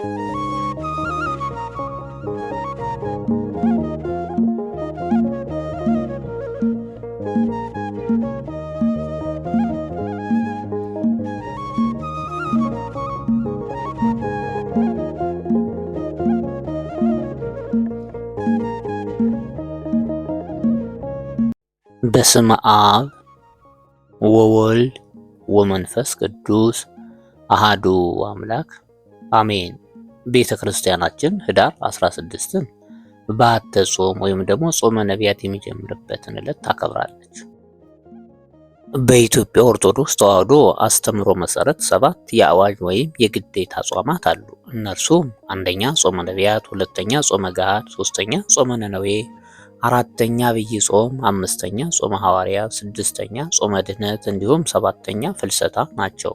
በስመ አብ ወወልድ ወመንፈስ ቅዱስ አሃዱ አምላክ አሜን። ቤተ ክርስቲያናችን ህዳር 16ን በዓተ ጾም ወይም ደግሞ ጾመ ነቢያት የሚጀምርበትን ዕለት ታከብራለች። በኢትዮጵያ ኦርቶዶክስ ተዋሕዶ አስተምሮ መሰረት ሰባት የአዋጅ ወይም የግዴታ ጾማት አሉ። እነርሱም አንደኛ ጾመ ነቢያት፣ ሁለተኛ ጾመ ገሃድ፣ ሶስተኛ ጾመ ነነዌ፣ አራተኛ ብይ ጾም፣ አምስተኛ ጾመ ሐዋርያ፣ ስድስተኛ ጾመ ድህነት እንዲሁም ሰባተኛ ፍልሰታ ናቸው።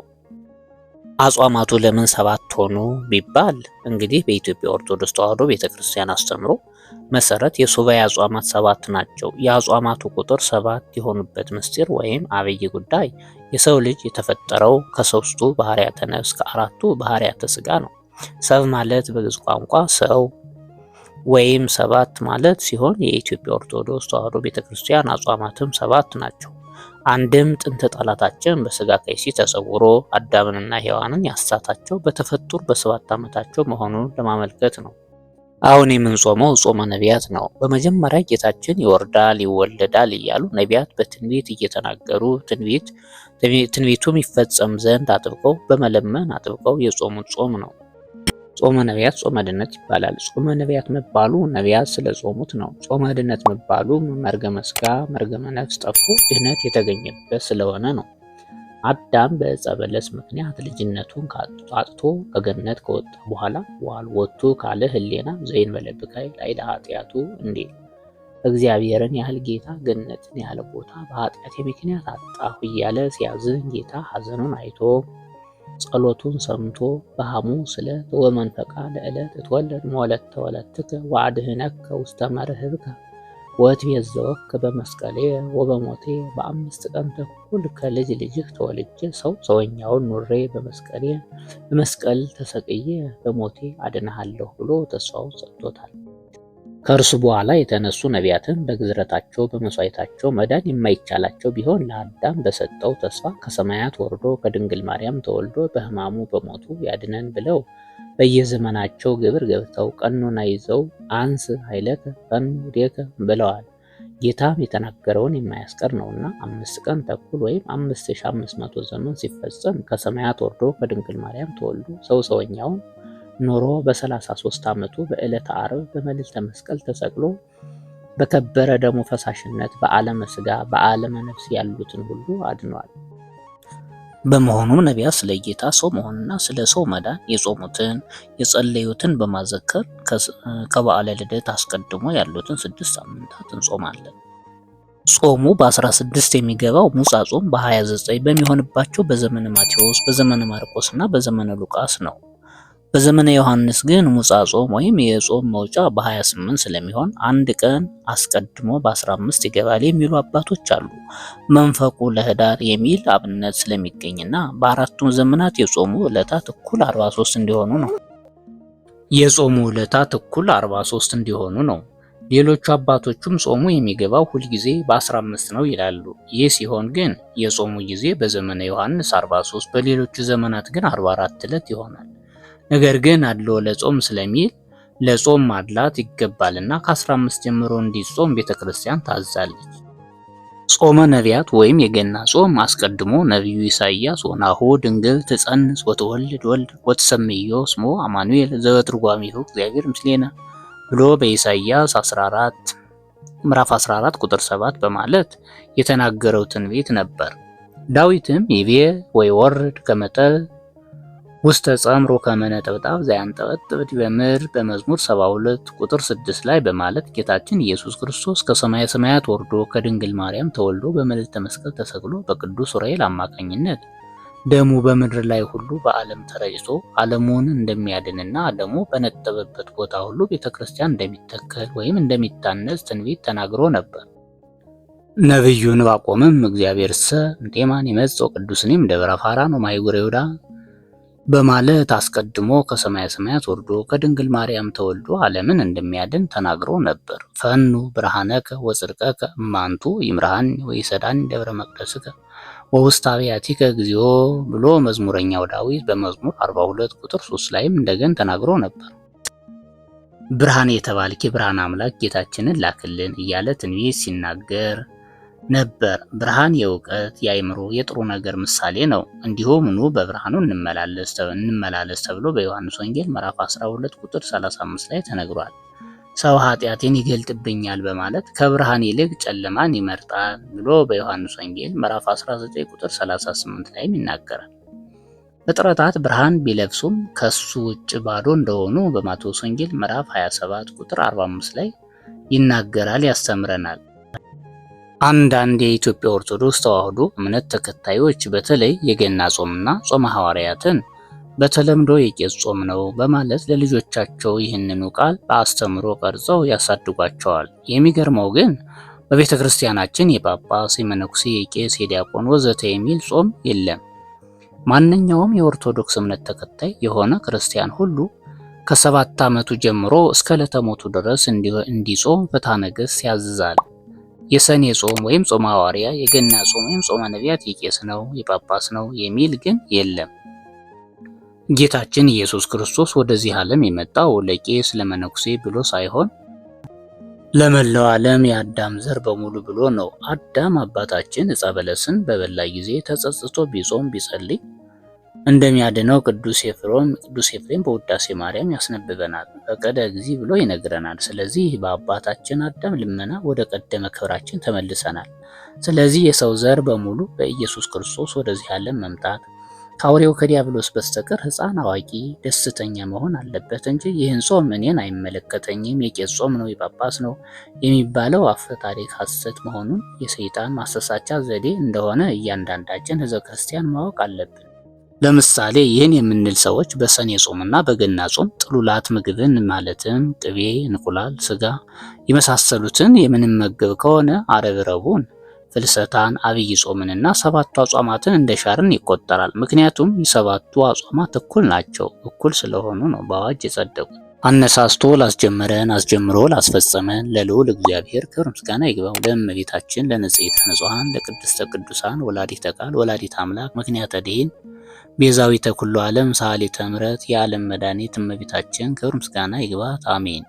አጽዋማቱ ለምን ሰባት ሆኑ ቢባል እንግዲህ በኢትዮጵያ ኦርቶዶክስ ተዋሕዶ ቤተክርስቲያን አስተምሮ መሰረት የሱባኤ አጽዋማት ሰባት ናቸው። የአጽዋማቱ ቁጥር ሰባት የሆኑበት ምስጢር ወይም አብይ ጉዳይ የሰው ልጅ የተፈጠረው ከሶስቱ ባህርያተ ነፍስ ከአራቱ ባህርያተ ስጋ ነው። ሰብ ማለት በግዕዝ ቋንቋ ሰው ወይም ሰባት ማለት ሲሆን የኢትዮጵያ ኦርቶዶክስ ተዋሕዶ ቤተክርስቲያን አጽዋማትም ሰባት ናቸው። አንድም ጥንት ጠላታችን በስጋ ቀይሲ ተሰውሮ አዳምንና ሔዋንን ያሳታቸው በተፈጡር በሰባት ዓመታቸው መሆኑን ለማመልከት ነው። አሁን የምንጾመው ጾመ ነቢያት ነው። በመጀመሪያ ጌታችን ይወርዳል ይወለዳል እያሉ ነቢያት በትንቢት እየተናገሩ ትንቢት ትንቢቱም ይፈጸም ዘንድ አጥብቀው በመለመን አጥብቀው የጾሙት ጾም ነው። ጾመ ነቢያት ጾመ ድነት ይባላል። ጾመ ነቢያት መባሉ ነቢያት ስለጾሙት ነው። ጾመ ድነት መባሉ መርገመ ስጋ፣ መርገመ ነፍስ ጠፉ፣ ድህነት የተገኘበት ስለሆነ ነው። አዳም በዕፀ በለስ ምክንያት ልጅነቱን አጥቶ ከገነት ከወጣ በኋላ ዋል ወጥቶ ካለ ህሌና ዘይን በለብካይ ላይ ለኃጢአቱ እንዴ እግዚአብሔርን ያህል ጌታ ገነትን ያህል ቦታ በኃጢአቴ ምክንያት አጣሁ እያለ ሲያዝን ጌታ ሐዘኑን አይቶ ጸሎቱን ሰምቶ በሐሙስ ዕለት ወመንፈቃ ለዕለት እትወለድ መወለተ ወለትከ ወአድኅነከ ውስተ መርህብከ ወእትቤዝወከ በመስቀሌ ወበሞቴ በአምስት ቀን ተኩል ከልጅ ልጅህ ተወልጄ ሰው ሰውኛውን ኑሬ በመስቀሌ በመስቀል ተሰቅዬ በሞቴ አድንሃለሁ ብሎ ተስፋውን ሰጥቶታል። ከእርሱ በኋላ የተነሱ ነቢያትን በግዝረታቸው በመስዋዕታቸው መዳን የማይቻላቸው ቢሆን ለአዳም በሰጠው ተስፋ ከሰማያት ወርዶ ከድንግል ማርያም ተወልዶ በሕማሙ በሞቱ ያድነን ብለው በየዘመናቸው ግብር ገብተው ቀኖና ይዘው አንስ ኃይለከ ዴከ ብለዋል። ጌታም የተናገረውን የማያስቀር ነውና አምስት ቀን ተኩል ወይም አምስት ሺ አምስት መቶ ዘመን ሲፈጸም ከሰማያት ወርዶ ከድንግል ማርያም ተወልዶ ሰው ሰውኛውን ኖሮ በ33 ዓመቱ በዕለተ ዓርብ በመልዕልተ መስቀል ተሰቅሎ በከበረ ደሙ ፈሳሽነት በዓለመ ሥጋ በዓለመ ነፍስ ያሉትን ሁሉ አድኗል። በመሆኑም ነቢያት ስለ ጌታ ሰው መሆንና ስለ ሰው መዳን የጾሙትን የጸለዩትን በማዘከር ከበዓለ ልደት አስቀድሞ ያሉትን ስድስት ሳምንታት እንጾማለን። ጾሙ በ16 የሚገባው ሙጻ ጾም በ29 በሚሆንባቸው በዘመነ ማቴዎስ፣ በዘመነ ማርቆስ እና በዘመነ ሉቃስ ነው። በዘመነ ዮሐንስ ግን ሙጻ ጾም ወይም የጾም መውጫ በ28 ስለሚሆን አንድ ቀን አስቀድሞ በ15 ይገባል የሚሉ አባቶች አሉ። መንፈቁ ለህዳር የሚል አብነት ስለሚገኝና በአራቱም ዘመናት የጾሙ ዕለታት እኩል 43 እንዲሆኑ ነው የጾሙ ዕለታት እኩል 43 እንዲሆኑ ነው። ሌሎቹ አባቶቹም ጾሙ የሚገባው ሁልጊዜ በ15 ነው ይላሉ። ይህ ሲሆን ግን የጾሙ ጊዜ በዘመነ ዮሐንስ 43 በሌሎቹ ዘመናት ግን 44 ዕለት ይሆናል። ነገር ግን አድሎ ለጾም ስለሚል ለጾም ማድላት ይገባልና ከ15 ጀምሮ እንዲጾም ቤተክርስቲያን ታዛለች። ጾመ ነቢያት ወይም የገና ጾም አስቀድሞ ነቢዩ ኢሳይያስ ወናሁ ድንግል ትጸንስ ወትወልድ ወልድ ወትሰምዮ ስሞ አማኑኤል ዘበትርጓሜሁ እግዚአብሔር ምስሌነ ብሎ በኢሳይያስ 14 ምዕራፍ 14 ቁጥር 7 በማለት የተናገረው ትንቢት ነበር። ዳዊትም ይቤ ወይ ወርድ ከመጠል ውስተ ጸምሮ ከመነጠብጣብ ዘያንጠበጥብ ዲበ ምድር በመዝሙር 72 ቁጥር 6 ላይ በማለት ጌታችን ኢየሱስ ክርስቶስ ከሰማየ ሰማያት ወርዶ ከድንግል ማርያም ተወልዶ በመልዕልተ መስቀል ተሰቅሎ በቅዱስ ዑራኤል አማካኝነት ደሙ በምድር ላይ ሁሉ በዓለም ተረጭቶ ዓለሙን እንደሚያድንና ደሙ በነጠበበት ቦታ ሁሉ ቤተክርስቲያን እንደሚተከል ወይም እንደሚታነጽ ትንቢት ተናግሮ ነበር። ነቢዩ ዕንባቆምም እግዚአብሔር ሰ እምቴማን ይመጽእ ቅዱስኔም ደብረ ፋራን ወማይጉር ይሁዳ በማለት አስቀድሞ ከሰማያ ሰማያት ወርዶ ከድንግል ማርያም ተወልዶ ዓለምን እንደሚያድን ተናግሮ ነበር። ፈኑ ብርሃነከ ወጽድቀከ እማንቱ ይምርሃን ወይሰዳን ደብረ መቅደስከ በውስጥ አብያቲከ እግዚኦ ብሎ መዝሙረኛው ዳዊት በመዝሙር 42 ቁጥር 3 ላይም እንደገን ተናግሮ ነበር። ብርሃን የተባልክ የብርሃን አምላክ ጌታችንን ላክልን እያለ ትንቢት ሲናገር ነበር። ብርሃን የእውቀት የአይምሮ የጥሩ ነገር ምሳሌ ነው። እንዲሁም ኑ በብርሃኑ እንመላለስ ተብሎ በዮሐንስ ወንጌል ምዕራፍ 12 ቁጥር 35 ላይ ተነግሯል። ሰው ኃጢአቴን ይገልጥብኛል በማለት ከብርሃን ይልቅ ጨለማን ይመርጣል ብሎ በዮሐንስ ወንጌል ምዕራፍ 19 ቁጥር 38 ላይም ይናገራል። ፍጥረታት ብርሃን ቢለብሱም ከሱ ውጭ ባዶ እንደሆኑ በማቴዎስ ወንጌል ምዕራፍ 27 ቁጥር 45 ላይ ይናገራል፣ ያስተምረናል። አንዳንድ የኢትዮጵያ ኦርቶዶክስ ተዋሕዶ እምነት ተከታዮች በተለይ የገና ጾምና ጾመ ሐዋርያትን በተለምዶ የቄስ ጾም ነው በማለት ለልጆቻቸው ይህንኑ ቃል በአስተምሮ ቀርጸው ያሳድጓቸዋል። የሚገርመው ግን በቤተ ክርስቲያናችን የጳጳስ፣ የመነኩሴ፣ የቄስ፣ የዲያቆን ወዘተ የሚል ጾም የለም። ማንኛውም የኦርቶዶክስ እምነት ተከታይ የሆነ ክርስቲያን ሁሉ ከሰባት ዓመቱ ጀምሮ እስከ ዕለተ ሞቱ ድረስ እንዲጾም ፍትሐ ነገሥት ያዝዛል። የሰኔ ጾም ወይም ጾመ ሐዋርያ፣ የገና ጾም ወይም ጾመ ነቢያት የቄስ ነው የጳጳስ ነው የሚል ግን የለም። ጌታችን ኢየሱስ ክርስቶስ ወደዚህ ዓለም የመጣው ለቄስ ለመነኩሴ ብሎ ሳይሆን ለመላው ዓለም የአዳም ዘር በሙሉ ብሎ ነው። አዳም አባታችን ዕፀ በለስን በበላ ጊዜ ተጸጽቶ ቢጾም ቢጸልይ እንደሚያድነው ቅዱስ ኤፍሬም ቅዱስ ኤፍሬም በውዳሴ ማርያም ያስነብበናል፣ በቀደ ጊዜ ብሎ ይነግረናል። ስለዚህ በአባታችን አዳም ልመና ወደ ቀደመ ክብራችን ተመልሰናል። ስለዚህ የሰው ዘር በሙሉ በኢየሱስ ክርስቶስ ወደዚህ ዓለም መምጣት ከአውሬው ከዲያብሎስ በስተቀር ሕፃን አዋቂ ደስተኛ መሆን አለበት እንጂ ይህን ጾም እኔን አይመለከተኝም፣ የቄስ ጾም ነው፣ የጳጳስ ነው የሚባለው አፈ ታሪክ ሐሰት መሆኑን የሰይጣን ማሰሳቻ ዘዴ እንደሆነ እያንዳንዳችን ሕዝበ ክርስቲያን ማወቅ አለብን። ለምሳሌ ይህን የምንል ሰዎች በሰኔ ጾም እና በገና ጾም ጥሉላት ምግብን ማለትም ቅቤ፣ እንቁላል፣ ስጋ የመሳሰሉትን የምንመገብ ከሆነ አረብ ረቡን፣ ፍልሰታን፣ አብይ ጾምንና ሰባቱ አጽዋማትን ሻርን ይቆጠራል። ምክንያቱም የሰባቱ አጽዋማት እኩል ናቸው። እኩል ስለሆኑ ነው በአዋጅ የጸደቁት። አነሳስቶ ላስጀመረን አስጀምሮ ላስፈጸመን ለልዑል እግዚአብሔር ክብር ምስጋና ይግባው። ለእመቤታችን ለንጽሕተ ንጹሐን ለቅድስተ ቅዱሳን ወላዲተ ቃል ወላዲተ አምላክ ምክንያተ ድኂን ቤዛዊተ ኩሉ ዓለም ሰዓሊተ ምሕረት የዓለም መድኃኒት እመቤታችን ክብር ምስጋና ይግባት። አሜን።